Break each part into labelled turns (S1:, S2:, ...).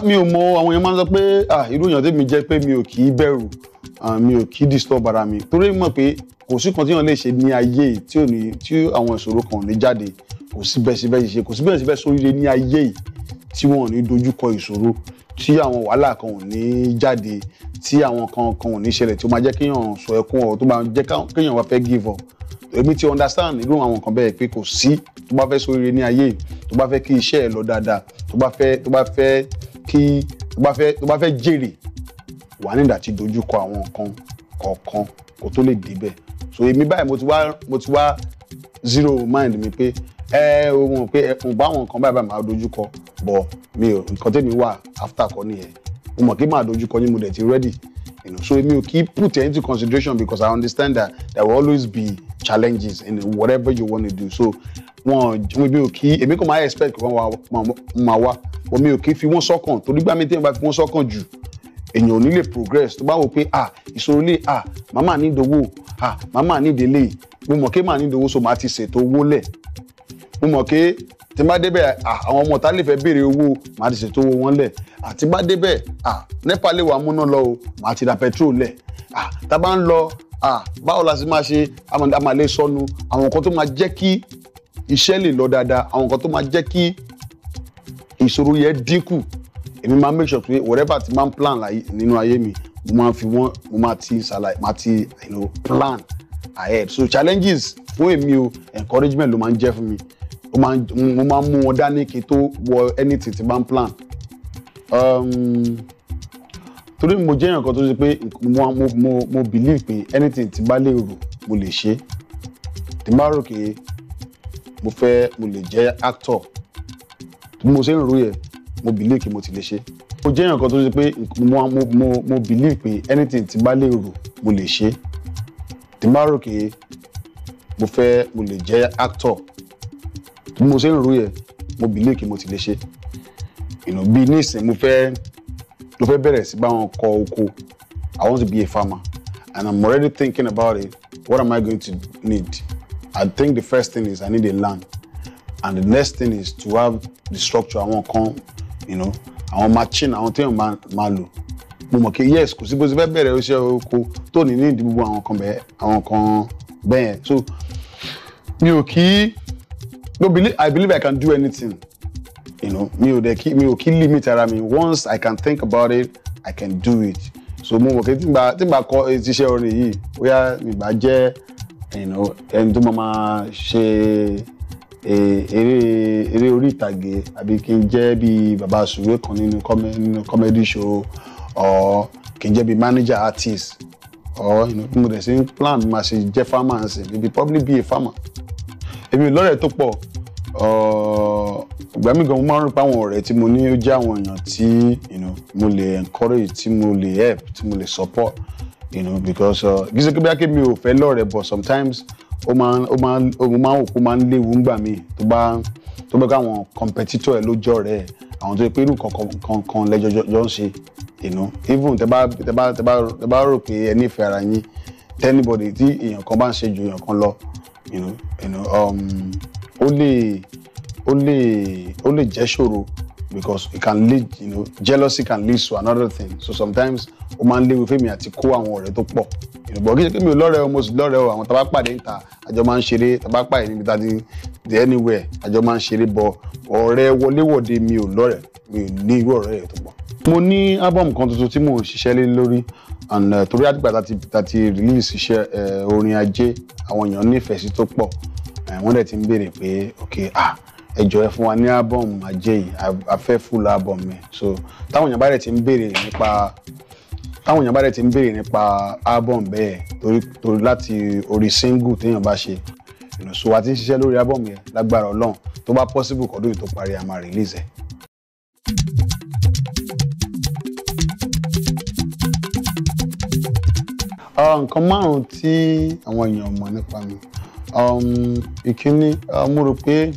S1: mi ò mọ àwọn èèyàn máa ń sọ pé irú èèyàn tèmi jẹ́ pé mi ò kì í bẹ̀rù mi ò kì í disturb ara mi torí mọ̀ pé kò sí kan tí èèyàn lè ṣe ní ayé yìí tí ò ní tí àwọn ìṣòro kan ò ní jáde kò sí bẹ́ẹ̀ sí bẹ́ẹ̀ ṣe kò sí bẹ́ẹ̀ sí bẹ́ẹ̀ sóríire ní ayé yìí tí wọ́n ò ní dojú kọ ìṣòro tí àwọn wàhálà kan ò ní jáde tí àwọn kan kan ò ní ṣẹlẹ̀ tí ó máa jẹ́ kéèyàn sọ ẹkún ọ̀rọ̀ tó máa jẹ́ kéèyàn wá fẹ́ give up èmi ti understand irú àwọn nǹkan bẹ́ẹ̀ pé kò sí tó bá fẹ́ sóríire ní ayé tó bá fẹ́ kí iṣẹ́ ẹ lọ dáadáa tó bá fẹ́ tó bá fẹ́ kí tó bá fẹ́ tó bá fẹ́ jèrè wà nígbà tí dojúkọ àwọn nǹkan kọ̀ọ̀kan kó tó lè débẹ̀ so èmi báyìí mo ti wá mo ti wá zero mind mi pé ẹ o mọ̀ pé ẹ kò bá àwọn nǹkan báyìí báyìí máa dojúkọ bọ̀ mi ò nǹkan tẹ́mi wà after kọ́ nìyẹn mo mọ̀ kí máa dojú kọ yín mo dẹ̀ ti ready you know so èmi ò kí put it into consideration because I understand that there will always be challenges in whatever you want to do so wọn èmi ò kí èmi kò máa expect kí wọn máa wá wọn mi ò kí fi wọn sọ́kàn torí gbàmí tí wọn bá fi wọn sọ́kàn jù èèyàn ò ní lè progress tó bá wò pé ah ìṣòro lè ah màmá ní ìdòwò ah màmá ní ìdílé mo mọ̀ kí màá ní ìdòwò so màá ti ṣètò owó lẹ̀ mo mọ̀ kí tí bá débẹ̀ àwọn ọmọ ta lè fẹ́ béèrè owó màá ti ṣètò owó wọn lẹ̀ àti bá débẹ̀ nípa lè wà múná lọ o màá ti ra petrol lẹ̀ tá a bá ń lọ báwo la sì máa ṣe àmàlẹ́ sọnù àwọn nǹkan tó máa jẹ́ kí iṣẹ́ lè lọ dáadáa àwọn nǹkan tó máa jẹ́ kí ìṣòro yẹn dínkù èmi máa make sure pé whatever ti máa ń plan nínú ayé mi mo máa fi wọ́n mo máa ti ṣàlàyé máa ti plan ahead so challenges fún èmi o encouragement ló máa ń jẹ́ fún mi mo máa ń mú wọn dání kí n tó wọ anything tí bá ń plan um, torí mo jẹ́ èèyàn kan tó ṣe pé mo believe pé anything tí bá lè rò mo lè ṣe tí bá rò pé mo fẹ́ mo lè jẹ́ actor bí mo ṣe ń rò yẹ mo believe pé mo ti lè ṣe mo jẹ́ èèyàn tó ṣe pé mo believe pé anything tí bá lè rò mo lè ṣe tí bá rò pé mo fẹ́ mo lè jẹ́ actor bí mo ṣe ń rò yẹ mo bìlẹ̀ kí mo ti lè ṣe ìnà bíi nísìnyí mo fẹ́ mo fẹ́ bẹ̀rẹ̀ sí báwọn kọ oko I want to be a farmer and I'm already thinking about it what am I going to need I think the first thing is I need a land and the next thing is to have the structure àwọn kan you know àwọn machine àwọn téèyàn máa máa lò mo mọ̀ pé yes kò sí bó ṣe fẹ́ bẹ̀rẹ̀ iṣẹ́ oko tó ní ní ìdí gbogbo àwọn kan bẹ́ẹ̀ àwọn kan bẹ́ẹ̀ so mi ò kí no believe i believe i can do anything you know mi ò dẹ̀ kí mi ò kí limit ara mi once i can think about it i can do it so mo mọ̀ pé tí n bá tí n bá kọ iṣẹ́ orin yìí bóyá mi bá jẹ́ ẹni tó máa ṣe e, eré eré orí ìtàgé àbí kí n jẹ́ bíi bàbá sùwé kan nínú comedy show or kì í jẹ́ bíi manager artist or you know, mo dẹ̀ sí plan máa ṣe jẹ́ farmer ǹsìn maybe probably be a farmer èmi lọ́rẹ̀ tó pọ̀ ìgbà mi gan mo máa ń rí pé àwọn ọ̀rẹ́ tí mo ní ó jẹ́ àwọn èèyàn tí mo lè encourage tí mo lè help tí mo lè support you know, because gíṣe uh, kí bí mi ò fẹ́ lọ́rẹ̀ but sometimes ó máa ń ó máa ń ó máa ń wò kó máa ń léwu ńgbà míì tó bá tó bá káwọn competitor ẹ̀ lójọ́ rẹ̀ àwọn tó yẹ pé irú kankan kan lẹ́jọ́ jọ ń ṣe you know even tẹ bá tẹ bá tẹ bá tẹ bá rò pé ẹ nífẹ̀ẹ́ ara yín tẹ́ anybody tí èèyàn kan bá ń ṣe ju èèyàn kan lọ you know you know um, ó lè ó lè ó lè jẹ́ ṣòro because it can lead you know jealousy can lead to another thing so sometimes ó máa ń léwu fèmí àti kó àwọn ọ̀rẹ́ tó pọ̀ ìrùbọ̀ kí ṣe kí mi ò lọ́rẹ̀ẹ́ o mo sì lọ́rẹ̀ẹ́ o àwọn tá a bá pàdé níta àjọ máa ń ṣeré tá a bá pàdé níbi tá a ti di anywhere àjọ máa ń ṣeré bọ ọ̀rẹ́ wọléwọ̀de mi ò lọ́rẹ̀ẹ́ mi ò ní irú ọ̀rẹ́ yẹn tó pọ̀. mo ní album kan tuntun tí mò ń ṣiṣẹ́ lé lórí and uh, torí àdìgbà tá ti release iṣẹ́ eh, orin ajé àwọn èèyàn nífẹ̀ẹ́ sí tó pọ̀ wọ́n dẹ̀ ti ń béèrè pé ok ah ẹ jọ̀ọ́ ẹ fún wa ní ábọ̀mù ajé yìí a fúlù ábọ̀mù ẹ̀ so táwọn èèyàn bá dẹ̀ ti ń béèrè nípa táwọn èèyàn bá dẹ̀ ti ń béèrè nípa ábọ̀mù bẹ́ẹ̀ torí torí láti orí single téèyàn bá ṣe so a ti ń ṣiṣẹ́ lórí ábọ̀mù yẹn lágbára ọlọ́run tó bá possible kọ́dún yìí tó parí a release ẹ̀. nǹkan márùn-ún tí àwọn èèyàn mọ̀ nípa mi. Um, ìkíní uh, mo rò pé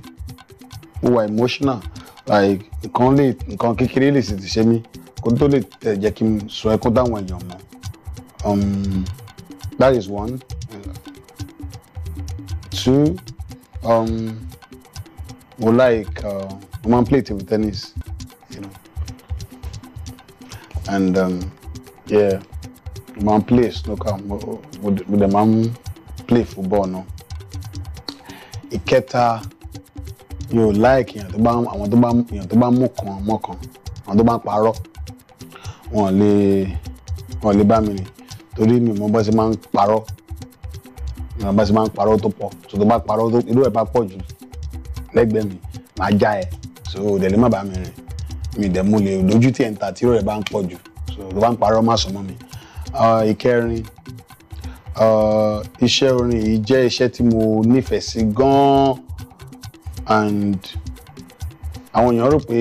S1: mo wà emotional like nǹkan lè nǹkan kékeré lè sì ti ṣe mí kó tó lè jẹ́ kí n sọ ẹkún táwọn èèyàn mọ̀ um, that is one two um, mo like uh, mo máa ń play table tennis you know and um, yeah mo máa ń play snooker mo dẹ̀ máa ń play football náà. No? ìkẹta yóò láìkì èèyàn tó bá àwọn tó bá èèyàn tó bá mú kan mọ́kan àwọn tó bá ń parọ́ wọn lè wọn lè bá mi rìn torí mi mọ bá ṣe máa ń parọ́ mi mọ bá ṣe máa ń parọ́ tó pọ̀ tó tó bá parọ́ tó irú ẹ̀ bá pọ̀ jù lẹ́gbẹ̀ẹ́ mi màá já ẹ so òdè lè má bá mi rìn mi dẹ̀ mo lè lójú tí ẹ̀ ń ta tí irú ẹ̀ bá ń pọ̀ jù so tó bá ń parọ́ má sọ mọ́ mi ah, ìkẹrin. Uh, Uh, iṣẹ́ orin yìí jẹ́ iṣẹ́ tí mo nífẹ̀ẹ́ sí gan-an and àwọn èèyàn rò pé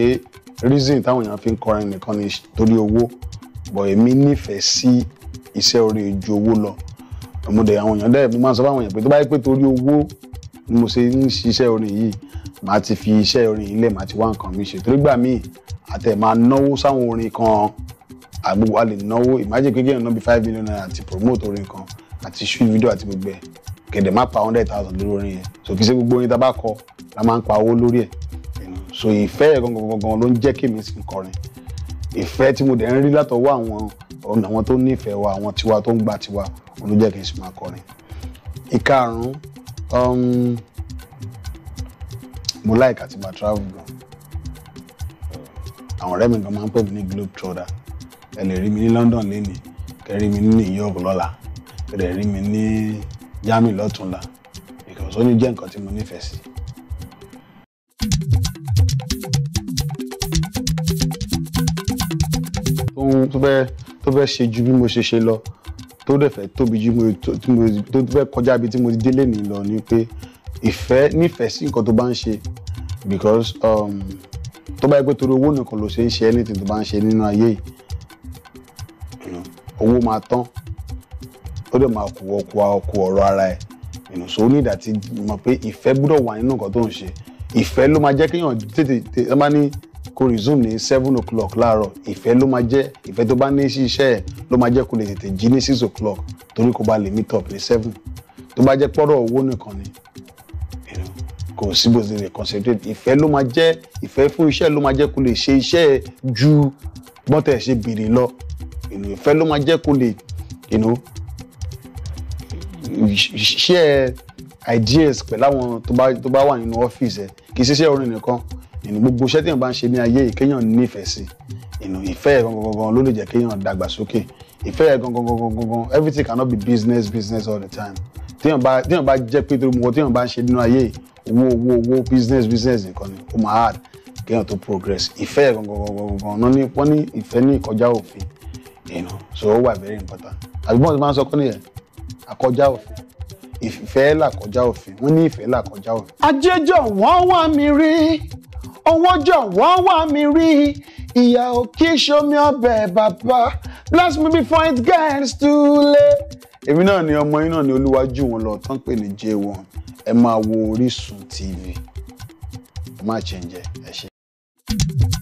S1: reason táwọn èèyàn fi ń kọrin nìkan ni torí owó but èmi nífẹ̀ẹ́ sí iṣẹ́ orin ju owó lọ mo dẹ̀ àwọn èèyàn dẹ̀ mo máa ń sọ fáwọn èèyàn pé tó bá yẹ pé torí owó ni mo ṣe ń ṣiṣẹ́ orin yìí màá ti fi iṣẹ́ orin yìí lẹ̀ màá ti wá nǹkan mi ṣe torí gbà míì àtẹ̀ máa náwó sáwọn orin kan àgbègbè a lè náwó imagine kékeré náà bí five million naira ti promote orin kan àti ṣú fídíò àti gbogbo ẹ̀ kẹ̀dẹ̀ má pa hundred thousand lórí orin yẹn so kì í ṣe gbogbo orin tá kọ la máa ń pa owó lórí ẹ̀ so ìfẹ́ ẹ̀ gangan gangan ló ń jẹ́ kí èmi sì ń kọrin ìfẹ́ tí mo dẹ̀ ń rí látọwọ́ àwọn ọ̀nà àwọn tó nífẹ̀ẹ́ wa àwọn tiwa tó ń gba tiwa òun ló jẹ́ kí n sì máa kọrin ìkarùn-ún um, mo láìka àti máa travel gan àwọn ọ̀rẹ́ mi gan máa ń pè mí ní globe trotter ẹ lè rí mi ní London lénìí kẹ́ rí mi ní New York lọ́la rẹ̀ rí mi ní Jami lọ́túnla because ó ní jẹ́ nǹkan tí mo nífẹ̀ẹ́ sí. ohun tó fẹ́ tó fẹ́ ṣe ju bí mo ṣe ṣe lọ tó dẹ̀ fẹ́ tóbi ju mo tó fẹ́ kọjá bí tí mo ti délé mi lọ ni pé ìfẹ́ nífẹ̀ẹ́ sí nǹkan tó bá ń ṣe because um, tó bá yẹ pé torí owó nìkan ló ṣe ń ṣe anything tó bá ń ṣe nínú ayé yìí owó máa tán ó dẹ̀ máa kú ọkọ ọkọ ọ̀rọ̀ ara ẹ̀ ìnùsọ onídàá ti mọ̀ pé ìfẹ́ gbọ́dọ̀ wà nínú nǹkan tó ń ṣe ìfẹ́ ló máa jẹ́ kéèyàn tètè tètè bá ní kó resume ní seven o'clock láàárọ̀ ìfẹ́ ló máa jẹ́ ìfẹ́ tó bá ní sí iṣẹ́ ẹ̀ ló máa jẹ́ kó lè tètè jí ní six o'clock torí kó bá lè meet up ní seven tó bá jẹ́ pọ́rọ̀ owó nìkan ni kò sí bó ṣe lè concentrate ìfẹ́ ló máa jẹ́ ìfẹ́ fún iṣẹ́ ló máa jẹ́ kó lè ṣe iṣẹ́ ẹ̀ ju bọ́tẹ̀ ṣe bèrè lọ ìfẹ́ ló máa jẹ́ kó lè share ideas pẹ̀lú àwọn tó bá wà nínú ọ́fíìsì ẹ̀ kì í ṣiṣẹ́ orin nìkan ìnú gbogbo iṣẹ́ téèyàn bá ń ṣe ní ayé kéèyàn nífẹ̀ẹ́ sí ìnú ìfẹ́ ẹ̀ gangan ló lè jẹ́ kéèyàn dàgbàsókè ìfẹ́ ẹ̀ gangan gangan gangan everything cannot be business business all the time téèyàn bá téèyàn bá jẹ́ pé torí mo téèyàn bá ń ṣe nínú ayé owó owó owó business business nìkan ni ó máa hard kéèyàn tó progress ìfẹ́ ẹ̀ gangan gangan gangan wọ́n ní ìfẹ́ ní ìkọjá òfin ìnú so ó wà very important àbí bọ́n ti máa ń sọ kọ́ nìyẹn àkọjá òfin ìfẹ́ làkọjá òfin wọ́n ní ìfẹ́ làkọjá òfin. ajéjọ wọn wá mi rí owójọ wọn wá mi rí ìyá ò kí ṣomi bàbá bless me before it gets too late. èmi náà ni ọmọ yín náà ni olúwájú wọn lọ tán pè ní J1 ẹ máa wo Orísun TV ẹ má ṣe ń jẹ ẹ ṣe.